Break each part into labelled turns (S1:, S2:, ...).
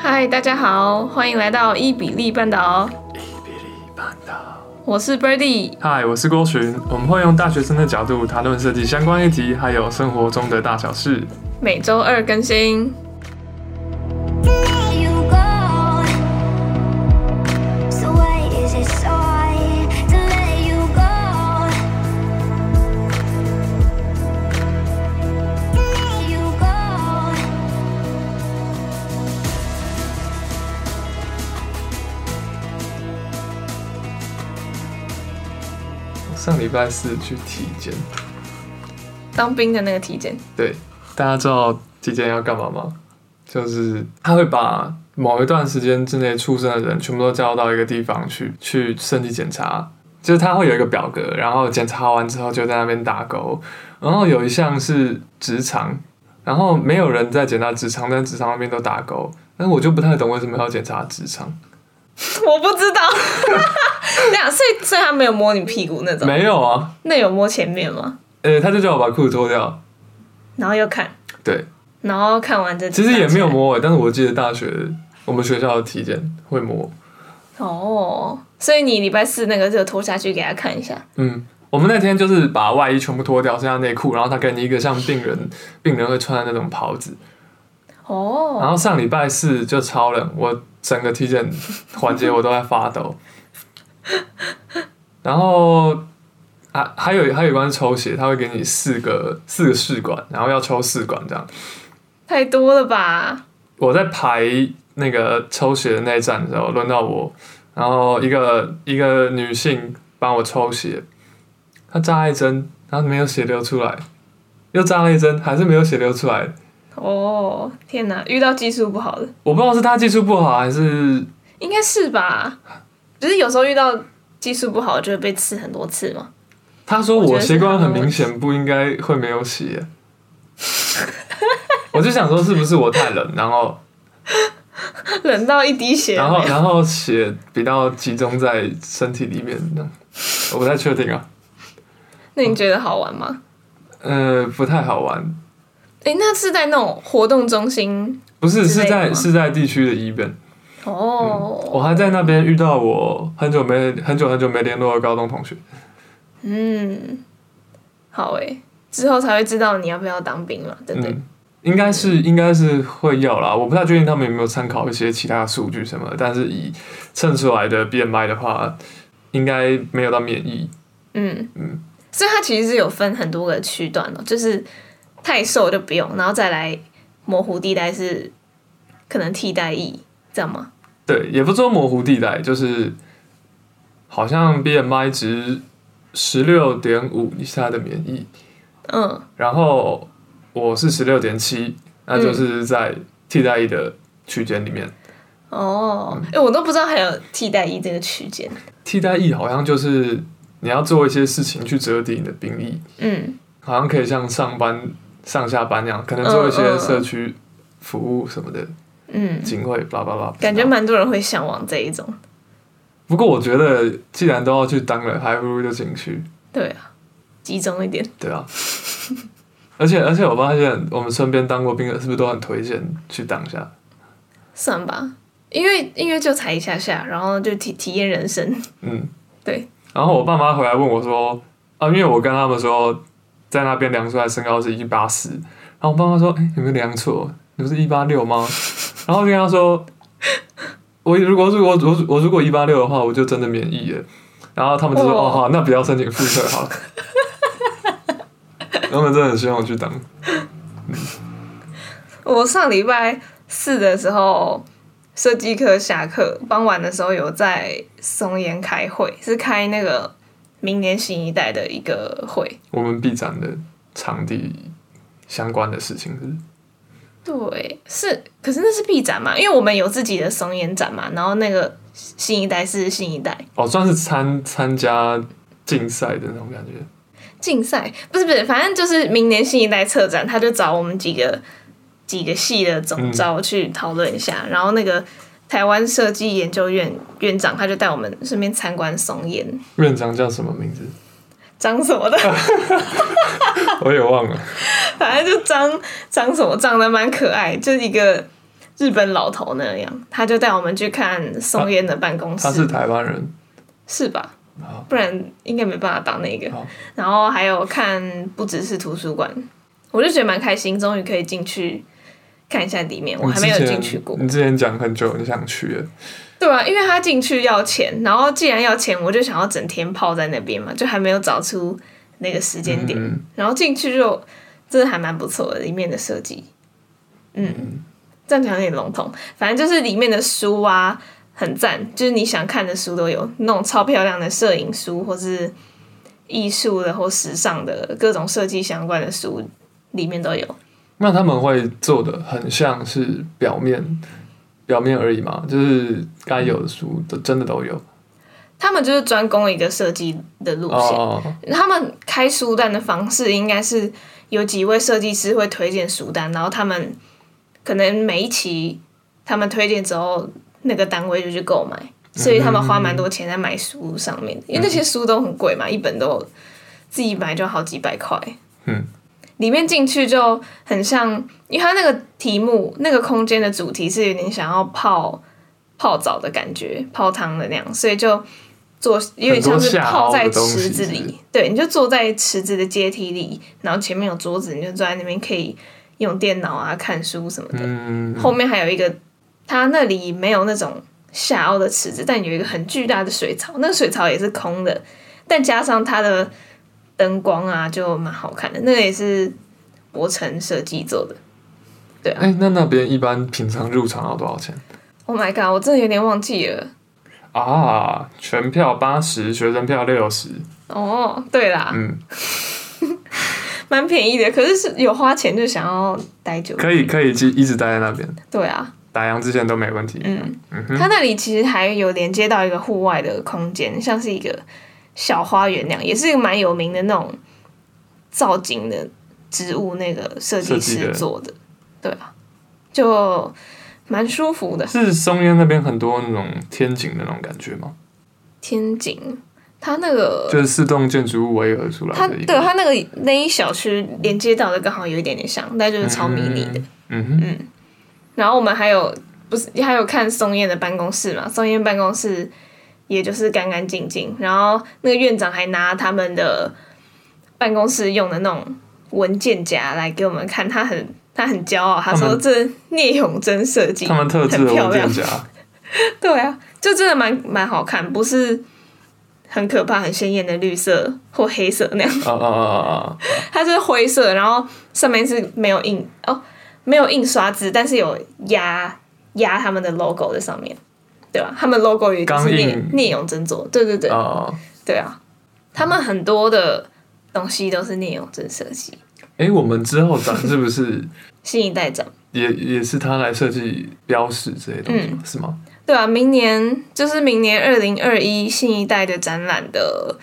S1: 嗨，Hi, 大家好，歡迎來到依比例絆倒。依比例絆倒，我是 Birdy。
S2: 嗨，Hi, 我是郭洵。我們會用大學生的角度談論設計相關議題，還有生活中的大小事。
S1: 每週二更新。
S2: 禮拜四去體檢，
S1: 當兵的那個體檢。
S2: 對，大家知道體檢要幹嘛嗎？就是他會把某一段時間之內出生的人全部都叫到一個地方去去身體檢查。就是他會有一個表格，然後檢查完之後就在那邊打勾。然後有一項是直腸，然後沒有人在檢查直腸，但直腸那邊都打勾。但是我就不太懂為什麼要檢查直腸。
S1: 我不知道，哈 哈。所以所以他沒有摸你屁股那種。沒有啊。那有摸前面嗎？
S2: 呃、欸，他就叫我把褲子脫掉，
S1: 然後又看。對。然後看完這。其實也沒有
S2: 摸誒，但是我記得大學我們學校的體檢會摸。
S1: 哦，oh, 所以你禮拜四那個就脫下去給他看一下。嗯，
S2: 我們那天就是把外衣全部脫掉，剩下內褲，然後他給你一個像病人 病人會穿的那種袍子。
S1: 哦。Oh. 然後
S2: 上禮拜四就超冷，我。整個體檢環節我都在發抖， 然後還、啊、還有還有一關抽血，他會給你四個四個試管，然後要抽試管這樣，
S1: 太多了吧？
S2: 我在排那個抽血的那一站的時候，輪到我，然後一個一個女性幫我抽血，她扎了一針，然後沒有血流出來，又扎了一針，還是沒有血流出來。
S1: 哦、oh, 天哪，遇到技術不好的，
S2: 我不知道是他技術不好還是
S1: 應該是吧？不、就是有時候遇到技術不好就會被刺很多次嗎？
S2: 他說我血管很明顯不應該會沒有血， 我就想說是不是我太冷，然後
S1: 冷到一滴血有沒有，然
S2: 後然後血比較集中在身體裡面，那我不太確定啊。
S1: 那你覺得好玩嗎？嗯、
S2: 呃，不太好玩。
S1: 欸，那是在那種活動中心？
S2: 不是，是在是在地區的醫院。
S1: 哦、oh. 嗯，
S2: 我還在那邊遇到我很久沒、很久很久沒聯絡的高中同學。嗯，
S1: 好哎、欸，之後才會知道你要不要當兵嘛？對不對、
S2: 嗯、應該是應該是會要啦。我不太確定他們有沒有參考一些其他數據什麼的，但是以稱出來的 BMI 的話，應該沒有到免疫。嗯嗯，嗯，
S1: 所以它其實是有分很多個區段哦、喔，就是。太瘦了就不用，然後再來模糊地帶是可能替代役，這樣嗎？
S2: 對，也不做模糊地帶，就是好像 B M I 值十六點五以下的免役，嗯，然後我是十六點七，那就是在替代役的區間裡面。
S1: 嗯、哦，哎、欸，我都不知道還有替代役這個區間。
S2: 替代役好像就是你要做一些事情去折抵你的兵役，嗯，好像可以像上班。上下班那樣，可能做一些社區服務什麼的，嗯，警、嗯、衛，叭叭叭，
S1: 感覺蠻多人會向往這一種。
S2: 不過我覺得，既然都要去當了，還不如就進去。
S1: 對啊，集中一點。
S2: 對啊，而且 而且，而且我爸現在我們身邊當過兵的，是不是都很推薦去當下？
S1: 算吧，因為因為就踩一下下，然後就體體驗人生。嗯，對。
S2: 然後我爸媽回來問我說：“啊，因為我跟他們說。”在那邊量出來身高是一八四，然後我爸媽說：“哎、欸，你們量錯，你不是一八六嗎？”然後就跟他說：“我如果如果我我如果一八六的話，我就真的免役了。”然後他們就說：“我 哦，好，那不要申請複測好了。” 他們真的很希望我去當。
S1: 我上禮拜四的時候，設計課下課傍晚的時候有在松菸開會，是開那個。明年新一代的一個會，
S2: 我們畢展的場地相關的事情是，
S1: 是？對，是，可是那是畢展嘛，因為我們有自己的松菸展嘛，然後那個新一代是新一代，
S2: 哦，算是參參加競賽的那種感覺。
S1: 競賽不是不是，反正就是明年新一代策展，他就找我們幾個幾個系的總召去討論一下，嗯、然後那個。台灣設計研究院院長，他就帶我們順便參觀松煙。
S2: 院長叫什麼名字？
S1: 張什麼的，
S2: 我也忘了。
S1: 反正就張張什麼，長得蠻可愛，就是一個日本老頭那樣。他就帶我們去看松煙的辦公室。啊、他是台灣人，是吧？好不然應該沒辦法當那個。好然後還有看不只是圖書館，我就覺得蠻開心，終於可以進去。看一下裡面，我還沒有
S2: 進去過你。你之前講很久你想去了，
S1: 對啊，因為他進去要錢，然後既然要錢，我就想要整天泡在那邊嘛，就還沒有找出那個時間點。嗯嗯然後進去就真的還蠻不錯的，裡面的設計，嗯，嗯這樣講有點籠統，反正就是裡面的書啊很讚，就是你想看的書都有，那種超漂亮的攝影書，或是藝術的或時尚的各種設計相關的書，裡面都有。
S2: 那他們會做的很像是表面，表面而已嘛，就是該有的書都真的都有。
S1: 他們就是專攻一個設計的路線，oh. 他們開書單的方式應該是有幾位設計師會推薦書單，然後他們可能每一期他們推薦之後，那個單位就去購買，所以他們花蠻多錢在買書上面，嗯嗯，因為那些書都很貴嘛，一本都自己買就好幾百塊。嗯。裡面進去就很像，因為它那個題目、那個空間的主題是有點想要泡泡澡的感覺、泡湯的那樣，所以就坐，有點像是泡在池子裡。對，你就坐在池子的階梯裡，然後前面有桌子，你就坐在那邊可以用電腦啊、看書什麼的。嗯嗯嗯。後面還有一個，它那裡沒有那種下凹的池子，但有一個很巨大的水槽，那個水槽也是空的，但加上它的。燈光啊，就蠻好看的。那個也是伯承設計
S2: 做的，對啊。欸，那那邊一般平常入場要多少錢
S1: ？Oh my god，我真的有點忘記
S2: 了。啊，全票八十，學生票六十。
S1: 哦，oh, 對啦，嗯，蠻 便宜的。可是是有花錢就想要待久可，可以
S2: 可以一直待在那邊。對啊，打烊之前都沒問題。嗯嗯，嗯哼，他那
S1: 裡其實還有連接到一個戶外的空間，像是一個。小花園那樣，也是一個蠻有名的那種，造景的植物那個設計師做的，的對吧？就蠻舒服的。是
S2: 松煙那邊很多那種天井的那種感覺嗎？
S1: 天井，它那個就
S2: 是四棟建築物圍合出來的。它對，
S1: 它那個那一小區連接到的，剛好有一點點像，但就是超迷你的。嗯哼，嗯
S2: 哼
S1: 嗯，然後我們還有不是還有看松煙的辦公室嘛？松煙辦公室。也就是乾乾淨淨，然後那個院長還拿他們的辦公室用的那種文件夾來給我們看，他很他很驕傲，他說這聶永真設計很漂亮他，他們特製的文件夾 對啊，就真的蠻蠻好看，不是很可怕、很鮮艷的綠色或黑色那樣，哦哦哦哦，它是灰色，然後上面是沒有印哦，沒有印刷字，但是有壓壓他們的 logo 在上面。對吧、啊？他們 logo 也是聶聶永真做？對對對，啊對啊，他們很多的東西都是聶永真設計。
S2: 哎，我們之後展是不是
S1: 新一代展？
S2: 也也是他來設計標識這些東西嗎？嗯、是
S1: 嗎？對啊，明年就是明年二零二一新一代的展覽的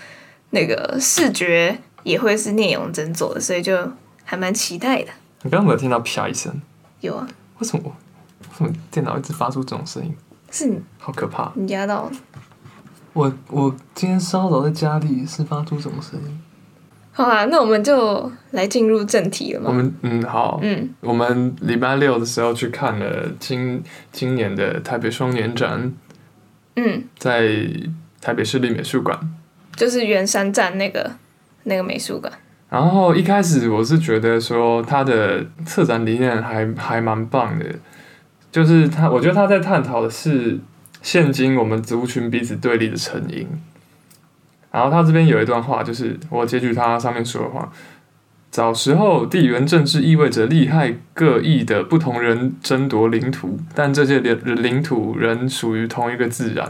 S1: 那個視覺也會是聶永真做的，所以就還蠻期待的。
S2: 你剛剛沒有聽到啪一聲？有啊？為什麼？為什麼電腦一直發出這種聲音？是好可怕！你壓到我，我今天稍早在家裡是發出什麼聲音？
S1: 好啊，那我們就來進入正題了嘛。我們
S2: 嗯好，嗯，嗯我們禮拜六的時候去看了今今年的台北雙年展，嗯，在台北市立美術館，
S1: 就是圓山站那個那個美術館。
S2: 然後一開始我是覺得說它的策展理念還還蠻棒的。就是他，我覺得他在探討的是現今我們族群彼此對立的成因。然後他這邊有一段話，就是我接續他上面說的話，早時候地緣政治意味着利害各異的不同人爭奪領土，但這些領領土仍屬於同一個自然。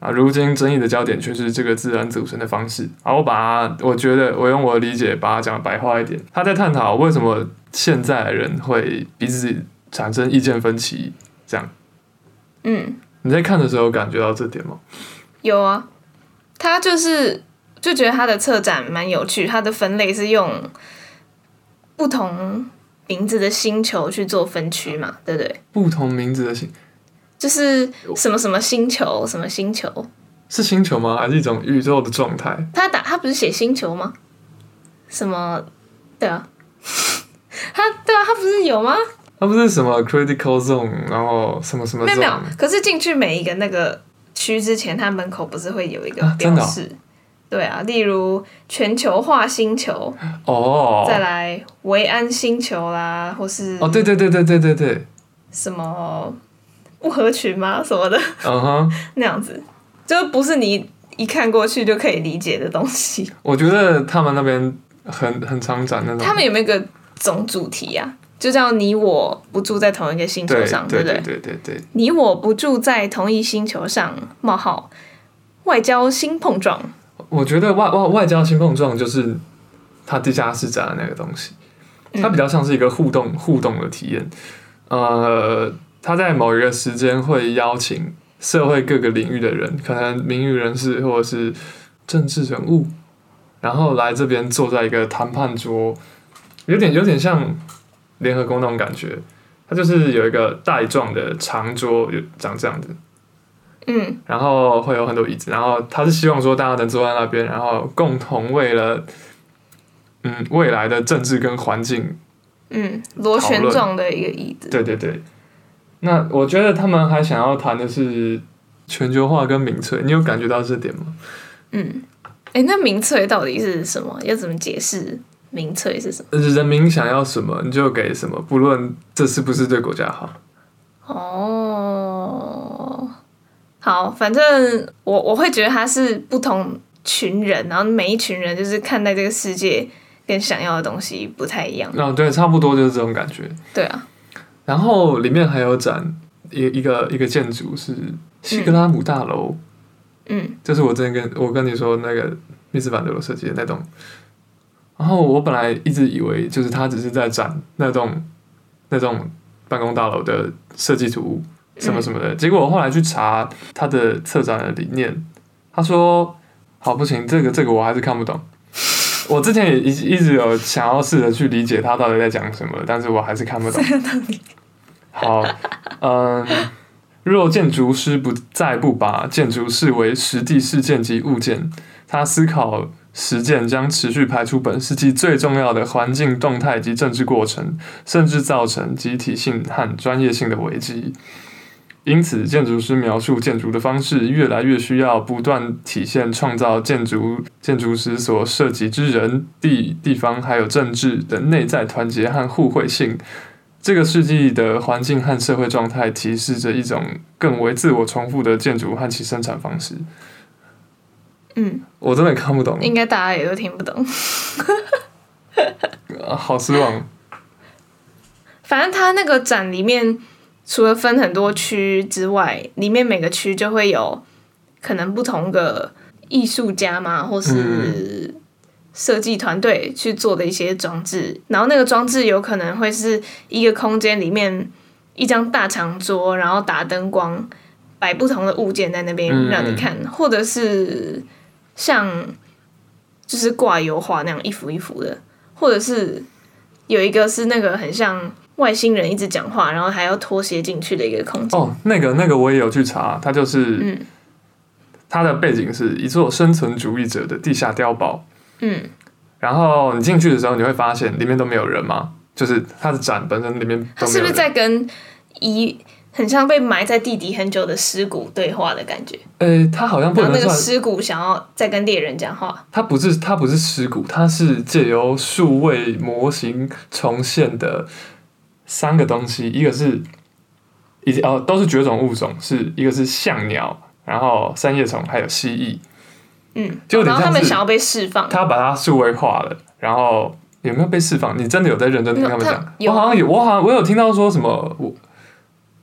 S2: 而如今爭議的焦點卻是這個自然組成的方式。然後我把我覺得我用我的理解把它講白話一點，他在探討為什麼現在的人會彼此。產生意見分歧，這樣。嗯，你在看的時候感覺到這點嗎？
S1: 有啊，他就是就覺得他的策展蠻有趣，他的分類是用不同名字的星球去做分區嘛，對不對？
S2: 不同名字的星，
S1: 就是什麼什麼星球，我什麼星球，
S2: 是星球嗎？還是一種宇宙的狀態？
S1: 他打他不是寫星球嗎？什麼？對啊， 他對啊，他不是有嗎？
S2: 它不是什麼 critical zone，然後什麼什麼？沒有，沒有。
S1: 可是進去每一個那個區之前，它門口不是會有一個標識？啊哦、對啊，例如全球化星球哦
S2: ，oh. 再
S1: 來維安星球啦，或是哦，oh,
S2: 對，對對對對對對
S1: 對，什麼物合群嗎？什麼的？
S2: 嗯哼、uh，huh.
S1: 那樣子就不是你一看過去就可以理解的東西。
S2: 我覺得他們那邊很很常展那種。他們
S1: 有沒有一個總主題呀、啊？就叫你我不住在同一個星球上，對，對不
S2: 對？對對對對對，
S1: 你我不住在同一星球上冒號外交新碰撞。
S2: 我覺得外外外交新碰撞就是他地下室砸的那個東西，它比較像是一個互動、嗯、互動的體驗。呃，他在某一個時間會邀請社會各個領域的人，可能名譽人士或者是政治人物，然後來這邊坐在一個談判桌，有點有點像。聯合工那種感覺，它就是有一個帶狀的長桌，就長這樣子，嗯，然後會有很多椅子，然後他是希望說大家能坐在那邊，然後共同為了，嗯，未來的政治跟環境，嗯，
S1: 螺旋狀的一個椅子，
S2: 對對對。那我覺得他們還想要談的是全球化跟民粹，你有感覺到這點嗎？嗯，
S1: 誒、欸，那民粹到底是什麼？要怎麼解釋？民粹是
S2: 什麼？人民想要什麼你就給什麼，不論這是不是對國家好。
S1: 哦，oh, 好，反正我我會覺得他是不同群人，然後每一群人就是看待這個世界跟想要的東西不太一樣。
S2: 嗯，oh, 對，差不多就是這種感覺。對啊，然後裡面還有展一一個一個建築是西格拉姆大樓，嗯，就是我之前跟我跟你說那個密斯凡德羅設計的那種。然後我本來一直以為，就是他只是在展那棟那棟辦公大樓的設計圖什麼什麼的。結果我後來去查他的策展的理念，他說：“好不行，這個這個我還是看不懂。”我之前也一一直有想要試着去理解他到底在講什麼，但是我還是看不懂。好，嗯，若建築師不再不把建築視為實際事件及物件，他思考。實踐將持續排除本世紀最重要的環境動態及政治過程，甚至造成集體性和專業性的危機。因此，建築師描述建築的方式越來越需要不斷體現創造建築、建築師所涉及之人、地、地方，還有政治的內在團結和互惠性。這個世紀的環境和社會狀態提示着一種更為自我重複的建築和其生產方式。嗯，我真的看不懂。應
S1: 該大家也都聽不懂，
S2: 好失望。
S1: 反正他那個展裡面，除了分很多區之外，裡面每個區就會有可能不同的藝術家嘛，或是設計團隊去做的一些裝置。嗯、然後那個裝置有可能會是一個空間裡面一張大長桌，然後打燈光，擺不同的物件在那邊讓你看，嗯、或者是。像，就是掛油畫那樣一幅一幅的，或者是有一個是那個很像外星人一直講話，然後還要脫鞋進去的一個空間。
S2: 哦，那個那個我也有去查，它就是，嗯、它的背景是一座生存主義者的地下碉堡。嗯，然後你進去的時候，你會發現裡面都沒有人嗎？就是它的展本身裡面都它是不是在
S1: 跟一。很像被埋在地底很久的屍骨對話的感覺。
S2: 呃、欸，他好像不能。然後那個屍
S1: 骨想要再跟獵人講話。
S2: 他不是，他不是屍骨，他是借由數位模型重現的三個東西，一個是，哦，都是絕種物種，是一個是象鳥，然後三葉蟲，還有蜥蜴。
S1: 嗯，就然後他們想要被釋放，他
S2: 把它數位化了，然後有沒有被釋放？你真的有在認真聽他們講？嗯啊、我好像有，我好像我有聽到說什麼我。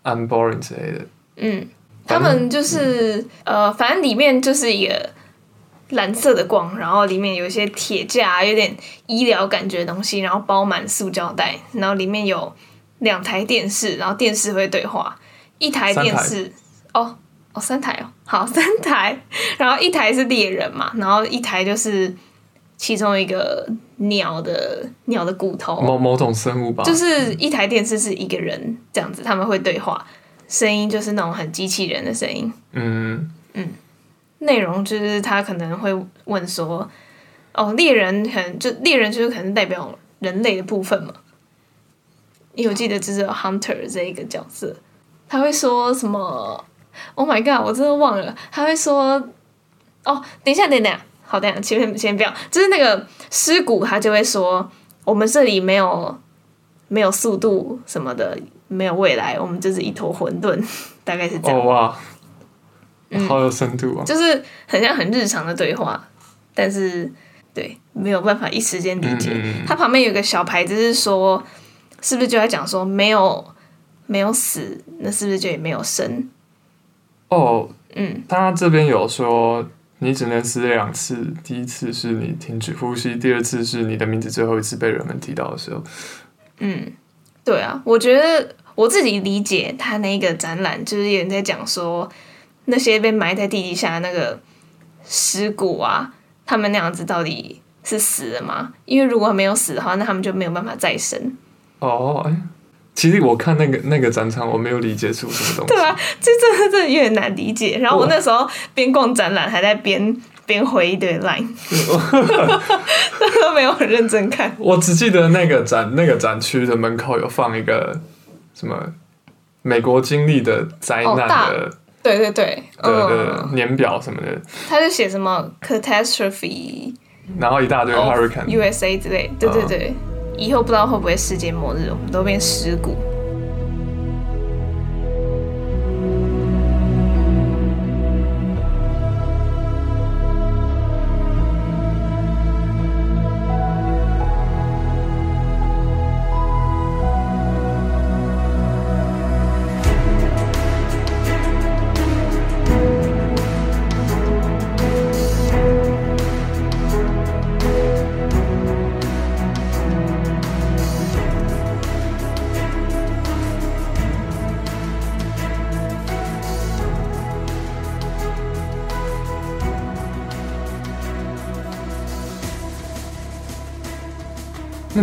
S2: unboring 之類的，嗯，正他們就
S1: 是、嗯、呃，反正裡面就是一個藍色的光，然後裡面有一些鐵架，有點醫療感覺的東西，然後包滿塑膠袋，然後裡面有兩台電視，然後電視會對話，一台電視，台哦哦，三台哦，好，三台， 然後一台是獵人嘛，然後一台就是。其中一個鳥的鳥的骨頭，某
S2: 某種生物吧，就是
S1: 一台電視是一個人、嗯、這樣子，他們會對話，聲音就是那種很機器人的聲音，嗯嗯，內、嗯、容就是他可能會問說，哦，獵人很就獵人就是可能代表人類的部分嘛，因為我記得就是 Hunter 這一個角色，他會說什麼？Oh my god！我真的忘了，他會說，哦，等一下，等一下。好，的前面先不要，就是那個屍骨，他就會說我們這裡沒有沒有速度什麼的，沒有未來，我們就是一坨混沌，大概是這樣。哇、
S2: oh, wow. 嗯，好有深度啊！就是
S1: 很像很日常的對話，但是對沒有辦法一時間理解。嗯嗯、他旁邊有個小牌子就是說，是不是就在講說沒有沒有死，那是不是就也沒有
S2: 生？哦，oh, 嗯，他這邊有說。你只能死兩次，第一次是你停止呼吸，第二次是你的名字最後一次被人們提到的時候。嗯，
S1: 對啊，我覺得我自己理解他那個展覽，就是有人在講說那些被埋在地底下的那個屍骨啊，他們那樣子到底是死了嗎？因為如果沒有死的話，那他們就沒有辦法再
S2: 生。哦，oh. 其實我看那個那個展場，我沒有理解出什麼東
S1: 西。 對啊，這這這有點難理解。然後我那時候邊逛展覽，還在邊邊我 回一堆
S2: line，
S1: 都沒有認真看。我
S2: 只記得那個展那個展區的門口有放一個什麼美國經歷的災難的、哦，
S1: 對對對的、
S2: 嗯、年表什麼的。
S1: 他就寫什麼 catastrophe，
S2: 然後一大堆 hurricane
S1: USA 之類，對對對。嗯以後不知道會不會世界末日，我們都變屍骨。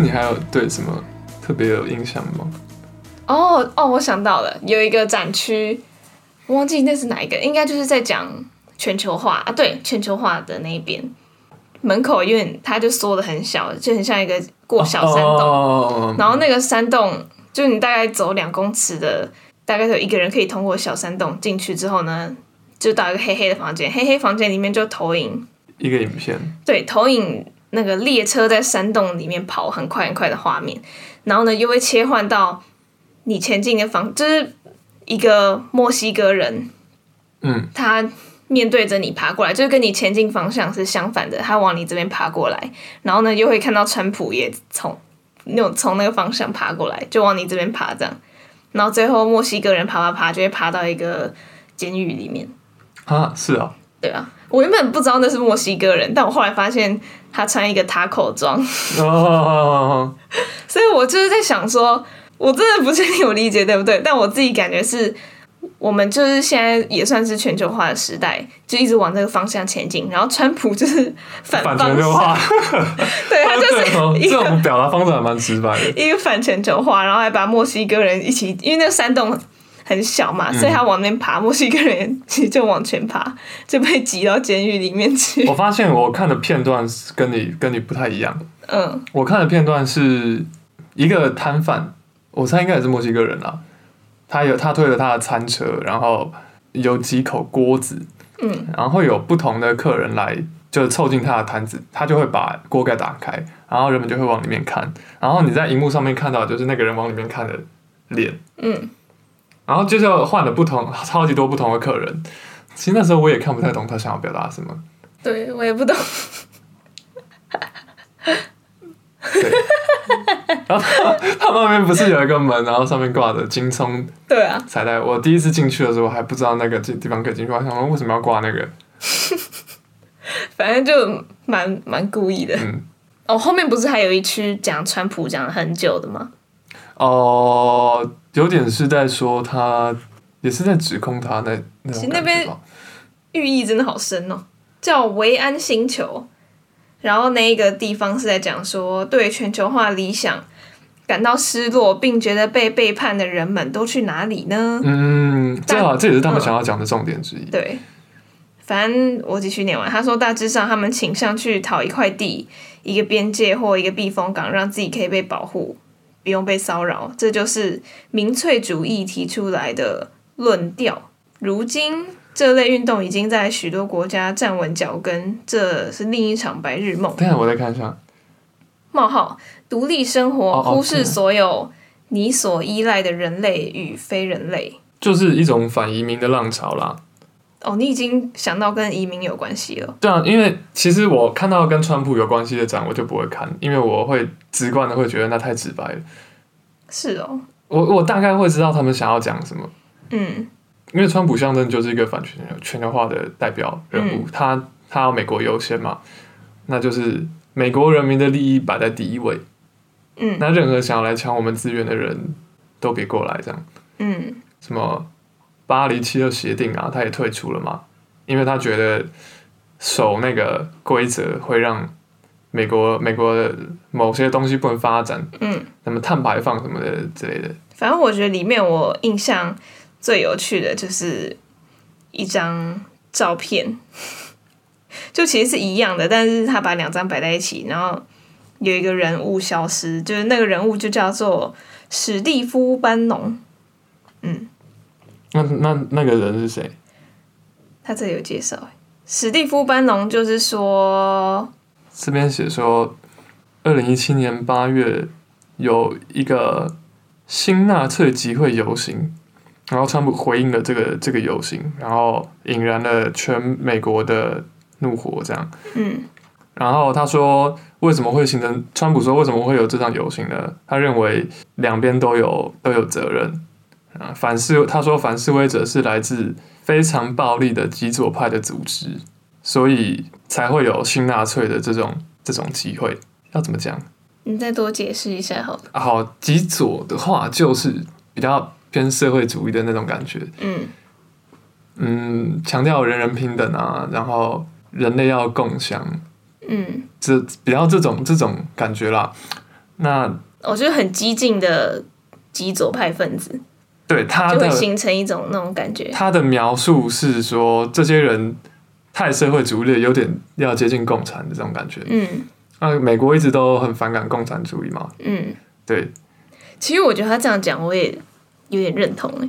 S2: 你還有對什麼特別有印象嗎？
S1: 哦哦，我想到了，有一個展區，我忘記那是哪一個，應該就是在講全球化啊，對，全球化的那一邊門口，因為它就縮得很小，就很像一個過小山洞。
S2: 然後
S1: 那個山洞，就你大概走兩公尺的，大概有一個人可以通過小山洞進去之後呢，就到一個黑黑的房間，黑黑房間裡面就投影一個影片，對，投影。那個列車在山洞裡面跑很快很快的畫面，然後呢，又會切換到你前進的方，就是一個墨西哥人，嗯，他面對着你爬過來，就是跟你前進方向是相反的，他往你這邊爬過來，然後呢，又會看到川普也從那種從那個方向爬過來，就往你這邊爬這樣，然後最後墨西哥人爬爬爬，就會爬到一個監獄裡面，
S2: 啊，是啊，哦，
S1: 對啊。我原本不知道那是墨西哥人，但我後來發現他穿一個 Taco 裝，哦，所以我就是在想說，我真的不確定我理解對不對，但我自己感覺是我們就是現在也算是全球化的時代，就一直往這個方向前進，然後川普就是反方向，反全球化，
S2: 對他就是一 這種表達方式還蠻直白的，
S1: 一個反全球化，然後還把墨西哥人一起，因為那山洞。很小嘛，所以他往那邊爬。墨西哥人其實就往前爬，就被擠到監獄裡面去。
S2: 我發現我看的片段跟你跟你不太一樣。
S1: 嗯，
S2: 我看的片段是一個攤販，我猜應該也是墨西哥人啦。他有他推了他的餐車，然後有幾口鍋子。嗯，然後有不同的客人來，就湊近他的攤子，他就會把鍋蓋打開，然後人們就會往裡面看。然後你在熒幕上面看到就是那個人往裡面看的臉。嗯。然後就是換了不同超級多不同的客人，其實那時候我也看不太懂他想要表達什麼。
S1: 對，我也不懂。哈 然
S2: 後他後面不是有一個門，然後上面掛着金蔥。對啊，彩帶。啊、我第一次進去的時候我還不知道那個這地方可以進去，我想問為什麼要掛那個？
S1: 反正就蠻蠻故意的。
S2: 嗯。
S1: 哦，後面不是還有一期講川普講了很久
S2: 的嗎？哦，uh, 有點是在說他，也是在指控他那那其實那
S1: 邊寓意真的好深哦，叫維安星球，然後那一個地方是在講說，對全球化理想感到失落，並覺得被背叛的人們都去哪裡呢？嗯，
S2: 正好但這也是他們想要講的重點之一。嗯、
S1: 對，反正我繼續念完，他說，大致上他們傾向去討一塊地、一個邊界或一個避風港，讓自己可以被保護。不用被騷擾，這就是民粹主義提出來的論調。如今，這類運動已經在許多國家站穩腳跟，這是另一場白日夢。等下我再看一下，冒號，獨立生活，oh, okay. 忽視所有你所依賴的人類與非人類，
S2: 就是一種反移民的浪潮啦。
S1: 哦，你已經想到跟移民有關係了。
S2: 對啊，因為其實我看到跟川普有關係的展，我就不會看，因為我會直觀的會覺得那太直白
S1: 了。是哦。
S2: 我我大概會知道他們想要講什麼。嗯。因為川普象徵就是一個反全球、全球化的代表人物，嗯、他他要美國優先嘛，那就是美國人民的利益擺在第一位。嗯。那任何想要來搶我們資源的人都別過來，這樣。嗯。什麼？巴黎氣候協定啊，他也退出了嘛，因為他覺得守那個規則會讓美國美國的某些東西不能發展。嗯，什麼碳排放什麼的之類的。反
S1: 正我覺得裡面我印象最有趣的就是一張照片， 就其實是一樣的，但是他把兩張擺在一起，然後有一個人物消失，就是那個人物就叫做史蒂夫班農。嗯。
S2: 那那那個人是誰？
S1: 他這裡有介紹，史蒂夫·班農就是說，
S2: 這邊寫說，二零一七年八月有一個新納粹集會遊行，然後川普回應了這個這個遊行，然後引燃了全美國的怒火，這樣。嗯，然後他說為什麼會形成？川普說為什麼會有這場遊行呢？他認為兩邊都有都有責任。啊，反示，他說反示威者是來自非常暴力的極左派的組織，所以才會有新納粹的這種這種機會。要怎麼講？
S1: 你再多解釋一下好了，
S2: 好不？好，極左的話就是比較偏社會主義的那種感覺。嗯嗯，強調、嗯、人人平等啊，然後人類要共享。嗯，這比較這種這種感覺啦。那
S1: 我覺得很激進的極左派分子。
S2: 對他的就會形
S1: 成一種那種感覺。他
S2: 的描述是說，這些人太社會主義了，有點要接近共產的這種感覺。嗯，啊，美國一直都很反感共產主義嘛。嗯，對。
S1: 其實我覺得他這樣講，我也有點認同哎。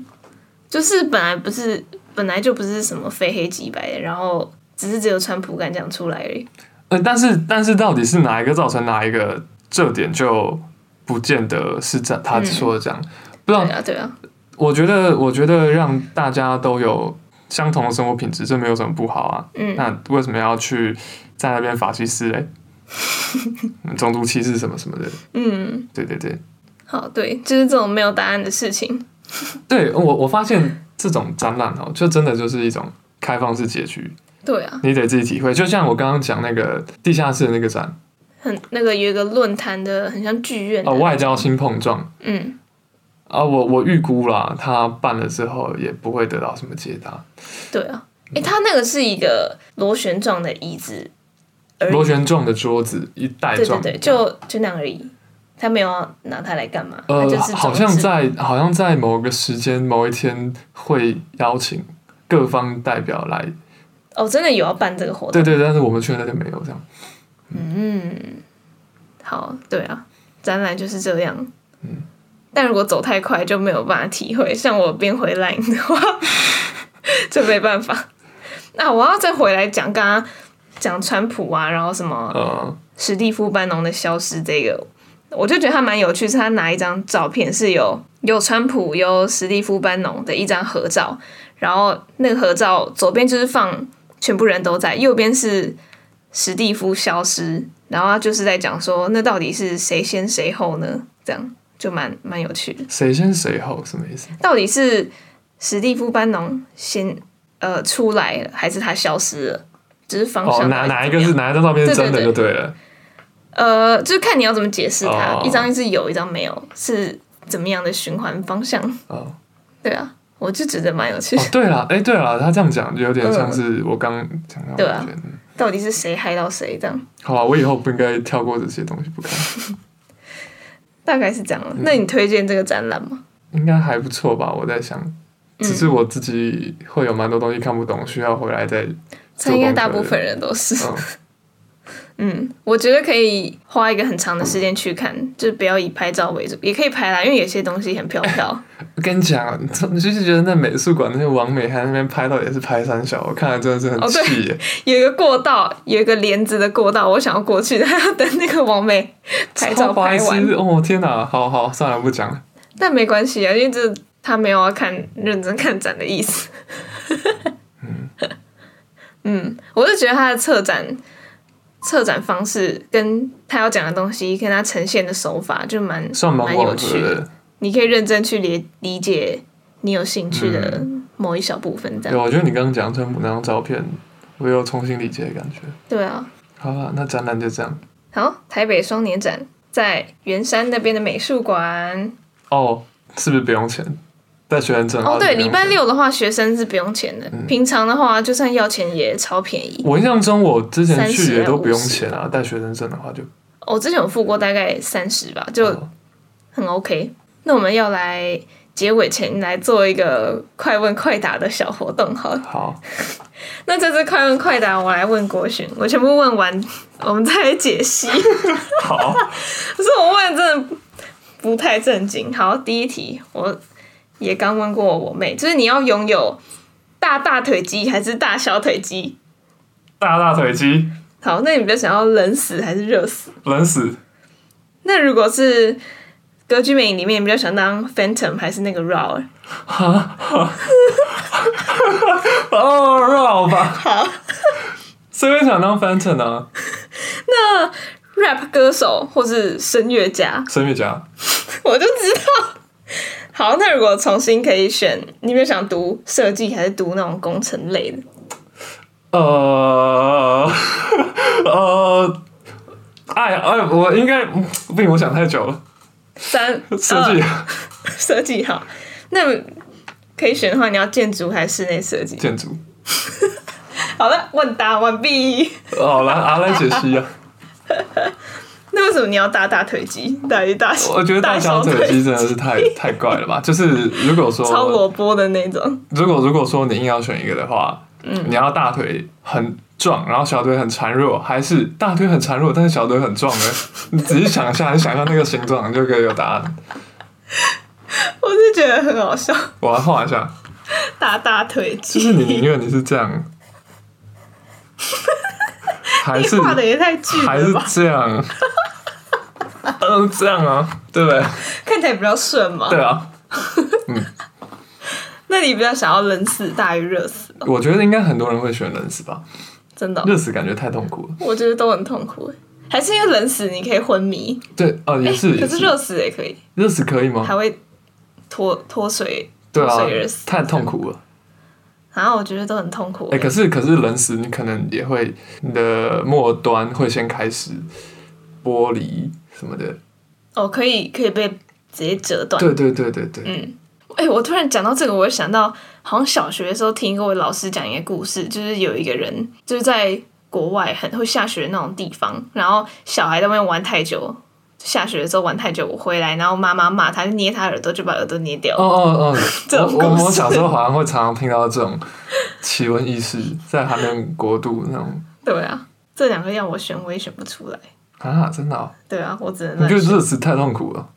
S1: 就是本來不是本來就不是什麼非黑即白的，然後只是只有川普敢講出來而已。
S2: 呃，但是但是到底是哪一個造成哪一個，這點就不見得是這樣他說的這樣。嗯、不知道對啊，對啊。我覺得，我覺得讓大家都有相同的生活品質，這沒有什麼不好啊。嗯，那為什麼要去在那邊法西斯？哎， 種族歧視什麼什麼的。嗯，對對對。
S1: 好，對，就是這種沒有答案的事情。
S2: 對，我，我發現這種展覽哦、喔，就真的就是一種開放式結局。
S1: 對啊。你
S2: 得自己體會，就像我剛剛講那個地下室的那個展，
S1: 很那個有一個論壇的，很像劇院。
S2: 哦，外交新碰撞。嗯。啊，我我預估啦，他辦了之後也不會得到什麼解答。
S1: 對啊，哎、欸，他、嗯、那個是一個螺旋狀的椅子，螺旋
S2: 狀的桌子，一帶狀，對，對對，這樣就
S1: 就那樣而已。他沒有拿它來幹嘛？呃，好像在，
S2: 好像在某個時間某一天會邀請各方代表來。
S1: 哦，真的有要辦這個活動？對，
S2: 對對，但是我們現在就沒有這樣。
S1: 嗯，好，對啊，展覽就是這樣。嗯。但如果走太快就沒有辦法體會，像我變回來的話， 就沒辦法。那我要再回來講，剛剛講川普啊，然後什麼，史蒂夫·班農的消失，這個我就覺得他蠻有趣，是他拿一張照片，是有有川普有史蒂夫·班農的一張合照，然後那個合照左邊就是放全部人都在，右邊是史蒂夫消失，然後他就是在講說，那到底是誰先誰後呢？這樣。就蠻蠻有趣的，誰
S2: 先誰後什麼意思？
S1: 到底是史蒂夫·班農先呃出來了，還是他消失了？就是方向是、哦、哪哪一個
S2: 是哪一張照片是真的就對了。對對對，
S1: 呃，就看你要怎麼解釋它，哦、一張是有一張沒有，是怎麼樣的循環方向？哦、對啊，我就覺得蠻有趣的、哦。對
S2: 啊，誒、欸，對啊，他這樣講就有點像是我剛講到，對啊，
S1: 到底是誰害到誰這樣，
S2: 好啊，我以後不應該跳過這些東西，不看。
S1: 大概是這樣。那你推薦這個展覽嗎？嗯，
S2: 應該還不錯吧。我在想，只是我自己會有蠻多東西看不懂，需要回來再。
S1: 應該大部分人都是。嗯。嗯，我覺得可以花一個很長的時間去看，嗯、就是不要以拍照為主，也可以拍啦，啊，因為有些東西很漂亮欸。我
S2: 跟你講，你就是覺得在美術館那些網美還那邊拍到也是拍三小，我看了真的是很氣哦。
S1: 有一個過道，有一個簾子的過道，我想要過去，還要等那個網美拍照拍完。不好意思的
S2: 哦天哪，啊，好好算了，不講了。
S1: 但沒關係啊，因為這他沒有要看認真看展的意思。 嗯嗯，我是覺得他的策展。策展方式跟他要講的東西，跟他呈現的手法就蠻蠻有趣的。對，對，你可以認真去理理解你有興趣的某一小部分、嗯。這樣，我覺得你剛
S2: 剛講的川普那張照片，我又重新理解的感覺。對啊，好，那展覽就這樣。
S1: 好，台北雙年展在圓山那邊的美術館。
S2: 哦，是不是不用錢？帶學生證哦，對，禮拜
S1: 六的話學生是不用錢的。嗯、平常的話，就算要錢也超便宜。
S2: 我印象中，我之前去也都不用錢啊。帶 30 學生證的話就……
S1: 我、哦、之前有付過大概三十吧，就很 OK。哦、那我們要來結尾前來做一個快問快答的小活動好，好。好。 那這次快問快答，我來問郭洵，我全部問完，我們再來解析。 好。可 是我問的真的不太正經。好，第一題我，也剛問過我妹，就是你要擁有大大腿肌還是大小腿肌？
S2: 大大腿肌。
S1: 好，那你比較想要冷死還是熱死？冷死。那如果是歌劇魅影裡面，你比較想當 Phantom 還是那個 Raw？
S2: 哈哦 Raw 吧。好。所 以想當 Phantom 啊？
S1: 那 Rap 歌手或是聲樂家？
S2: 聲樂家。
S1: 我就知道。 好，那如果重新可以選，你比較想讀設計還是讀那種工程類的？
S2: 呃呃，哎哎，我應該被我想太久了。
S1: 三設計，設計、呃、好，那可以選的話，你要建築還是室
S2: 內設計？建築築。
S1: 好了，問答完畢。
S2: 好了，阿、啊、蘭解析啊。
S1: 那為什麼你要大大腿肌大於大？我覺得大小腿肌
S2: 真的是太太怪了吧？就是如果說超
S1: 蘿蔔的那種，
S2: 如果如果說你硬要選一個的話，嗯，你要大腿很壯，然後小腿很孱弱，還是大腿很孱弱，但是小腿很壯的？ 你仔細想一下，你想象那個形狀 就可以有答案。
S1: 我是覺得很好笑。
S2: 我來畫一下，
S1: 大大腿
S2: 肌，就是你寧願你是這樣。 還是你畫的也太巨了吧？還是這樣？嗯，這樣啊，對不對？
S1: 看起來比較順嘛。對啊。那你比較想要冷死大
S2: 於熱死？我覺得應該很多人會選冷死吧。
S1: 真的？熱死
S2: 感覺太痛苦
S1: 了。我覺得都很痛苦，還是因為冷死你可以昏迷。
S2: 對，啊，也是。可是熱死也可以。熱死可以嗎？還
S1: 會脫脫水。
S2: 脫水熱死。對啊。太痛苦了。
S1: 然後、啊、我覺得都很痛苦、欸欸。可是可是
S2: 冷死，你可能也會，你的末端會先開始剝離什麼的。
S1: 哦，可以可以被直接折斷。對對對對對。嗯，哎、欸，我突然講到這個，我想到好像小學的時候聽過老師講一個故事，就是有一個人就是在國外很會下雪那種地方，然後小孩在外面玩太久。下雪的時候玩太久，我回來，然後媽媽罵他，就捏他耳朵，就把耳朵捏掉了。
S2: 哦哦哦！我我我小時候好像會常常聽到這種奇聞異事， 在寒冷國度那種。
S1: 對啊，這兩個要我選，我也選不出來。
S2: 啊，真的、喔？
S1: 對啊，我只能。我覺得熱
S2: 死太痛苦了。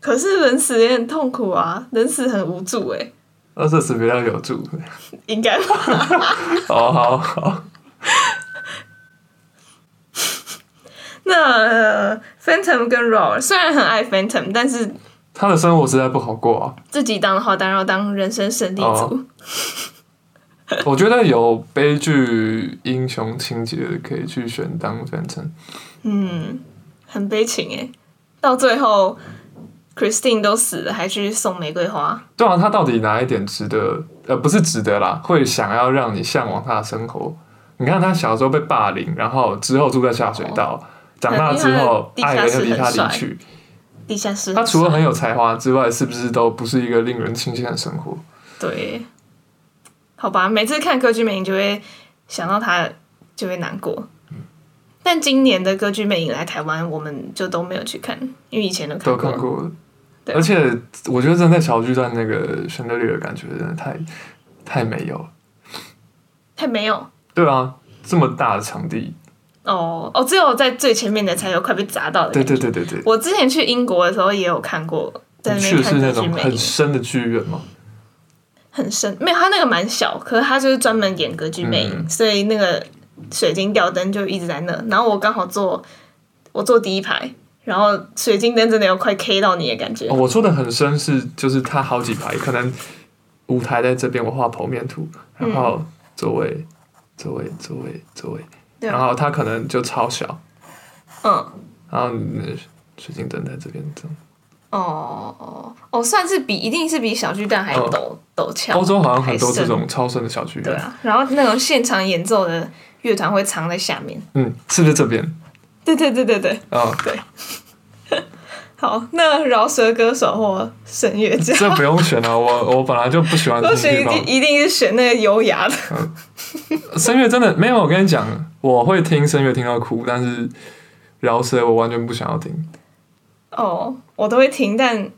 S1: 可是人死也很痛苦啊，人死很無助誒
S2: 而熱死比較有助。
S1: 應該吧嗎？好、 oh,
S2: 好，好。
S1: 那。Phantom 跟 Raw 雖然很愛 Phantom，但是
S2: 他的生活實在不好過啊。
S1: 自己當的話，當然要當人生勝利組。嗯，
S2: 我覺得有悲劇英雄情節的，可以去選當 Phantom。嗯，
S1: 很悲情誒，到最後 Christine 都死了，還去送玫瑰花。
S2: 對啊，他到底哪一點值得？呃，不是值得啦，會想要讓你向往他的生活。你看他小時候被霸凌，然後之後住在下水道。Oh. 長大之後，愛人離他離去。地下室,
S1: 地下室，他除了很
S2: 有才華之外，是不是都不是一個令人親切的生活？
S1: 對，好吧，每次看歌劇魅影就會想到他，就會難過。嗯、但今年的歌劇魅影來台灣，我們就都沒有去看，因為以前的都看
S2: 過。對而且我覺得站在小巨蛋那個 Chandelier 的感覺，真的太，太沒有
S1: 了太沒有，太
S2: 沒有。對啊，這麼大的場地。
S1: 哦哦，oh, oh, 只有我在最前面的才有快被砸到的感覺。對對對對對。我之前去英國的時候也有看過，
S2: 在那邊看是那種很深的劇院嘛，
S1: 很深，沒有，他那個蠻小，可是他就是專門演歌劇魅影，嗯、所以那個水晶吊燈就一直在那。然後我剛好坐，我坐第一排，然後水晶燈真的要快 K 到你的感覺。哦、我坐
S2: 的很深是就是他好幾排，可能舞台在這邊。我畫剖面圖，然後座位座位座位座位。嗯啊、然後他可能就超小，嗯，然後水晶燈在這邊裝，
S1: 這樣哦哦哦，算是比一定是比小巨蛋還陡陡峭，哦、槍歐洲好像深很多這種
S2: 超深的小巨蛋，對
S1: 啊，然後那種現場演奏的樂團會藏在下面，
S2: 嗯，是不是這邊？
S1: 對對對對對，
S2: 啊、哦，對。
S1: 好，那饒舌歌手或聲樂家，這不
S2: 用選了，我我本來就不喜歡聲樂。 我選一
S1: 一定是選那個優雅的。
S2: 聲、嗯、樂真的沒有，我跟你講，我會聽聲樂聽到哭，但是饒舌我完全不想要聽。
S1: 哦，我都會聽，但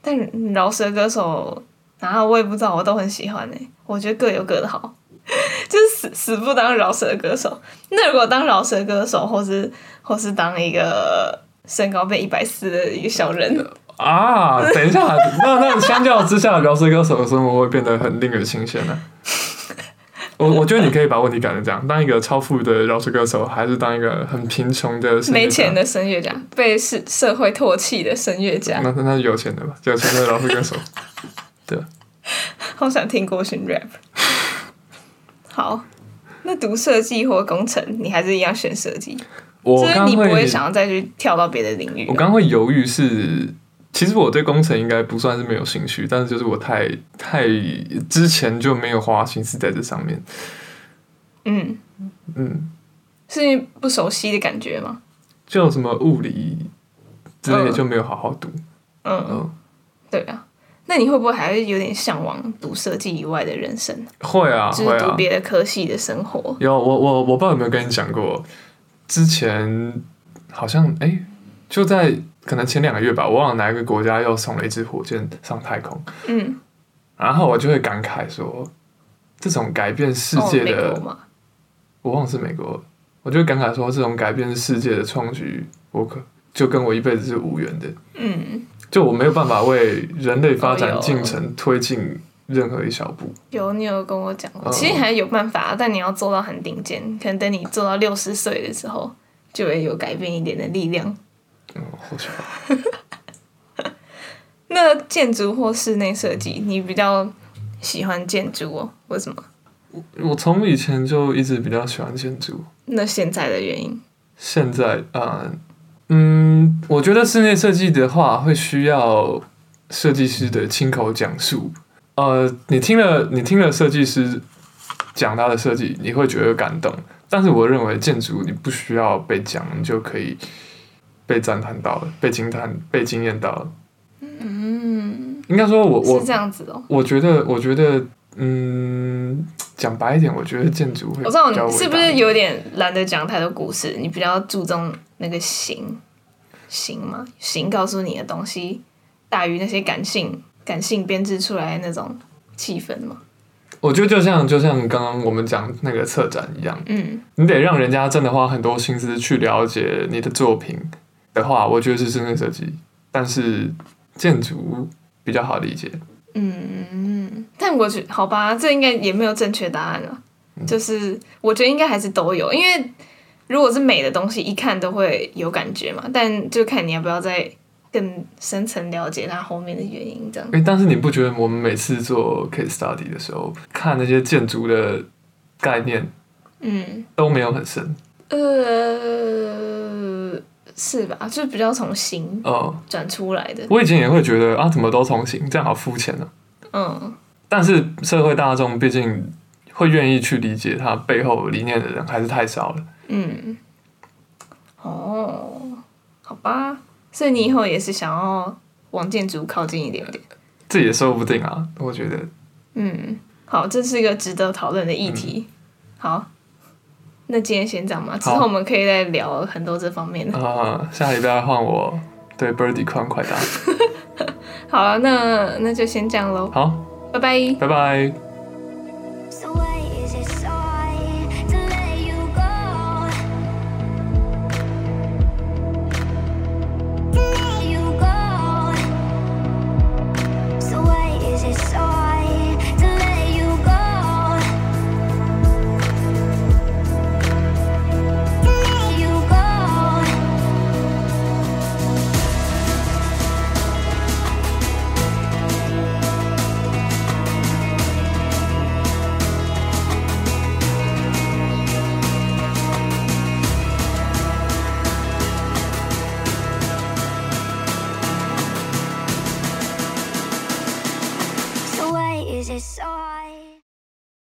S1: 但饒舌歌手，然、啊、後我也不知道，我都很喜歡哎、欸，我覺得各有各的好， 就是死死不當饒舌歌手。那如果當饒舌歌手，或是或是當一個。身高被一百四的一個小人
S2: 啊！是等一下， 那那相較之下，饒舌 歌手的生活會變得很令人欣羨呢。我我覺得你可以把問題改成這樣：當一個超富的饒舌歌手，還是當一個很貧窮的沒錢的
S1: 聲樂家，對被社社會唾棄的聲樂家？那
S2: 那有錢的吧，有錢的饒舌歌手。 對，
S1: 好想聽郭洵 rap。 好，那讀設計或工程，你還是一樣選設計。
S2: 所以你不會想
S1: 要再去跳到別的領域？我剛
S2: 會猶豫是，是其實我對工程應該不算是沒有興趣，但是就是我太太之前就沒有花心思在這上面。
S1: 嗯嗯，嗯，是不熟悉的感覺嗎？
S2: 就有什麼物理之類的就沒有好好讀。嗯，嗯，嗯，
S1: 對啊。那你會不會還是有點向往讀設計以外的人生？
S2: 會啊，就是讀別的
S1: 科系的生活。啊，
S2: 有我我我不知道有沒有跟你講過？之前好像哎、欸，就在可能前兩個月吧，我忘了哪一個國家又送了一支火箭上太空。嗯，然後我就會感慨說，這種改變世界的，哦、我忘了是美國。我就感慨說，這種改變世界的創舉，我可就跟我一輩子是無緣的。嗯，就我沒有辦法為人類發展進程推進。任何一小步。
S1: 有，你有跟我講過，其實還有辦法。嗯、但你要做到很頂尖，可能等你做到六十歲的時候，就會有改變一點的力量。嗯，好 那建築或室內設計，你比較喜歡建築哦、喔？為什麼？
S2: 我我從以前就一直比較喜歡建築。
S1: 那現在的原因？
S2: 現在啊，嗯，我覺得室內設計的話，會需要設計師的親口講述。呃，你聽了你聽了設計師講他的設計，你會覺得感動。但是我認為建築你不需要被講，你就可以被讚嘆到了，被驚嘆、被驚艷到了。嗯，應該說我我是這
S1: 樣子哦。我
S2: 覺得，我覺得，嗯，講白一點，我覺得建築會。我知道你是不是
S1: 有點懶得講太多故事？你比較注重那個形，形嘛？形告訴你的東西大於那些感性。感性編織出來的那種氣氛嗎？
S2: 我覺得就像就像剛剛我們講那個策展一樣，嗯，你得讓人家真的花很多心思去了解你的作品的話，我覺得是室內設計，但是建築比較好理解，嗯，
S1: 但我覺得好吧，這應該也沒有正確答案了，嗯，就是我覺得應該還是都有，因為如果是美的東西，一看都會有感覺嘛，但就看你要不要再。更深層了解它後面的原因，這樣、欸。但
S2: 是你不覺得我們每次做 case study 的時候，看那些建築的概念，嗯，都沒有很深。呃，
S1: 是吧？就是比較從形哦轉出來的。嗯、我以前也會
S2: 覺得啊，怎麼都從形，這樣好膚淺呢。嗯。但是社會大眾畢竟會願意去理解它背後理念的人還是太少了。
S1: 嗯。哦、oh，好吧。所以你以後也是想要往建築靠近一點點？
S2: 這也說不定啊，我覺得。嗯，
S1: 好，這是一個值得討論的議題。嗯、好，那今天先這樣吧。好之後我們可以再聊很多這方面的。
S2: 啊，下禮拜換我對 Birdy 快快答。
S1: 好，那那就先這樣嘍。好，拜拜 bye。
S2: 拜拜。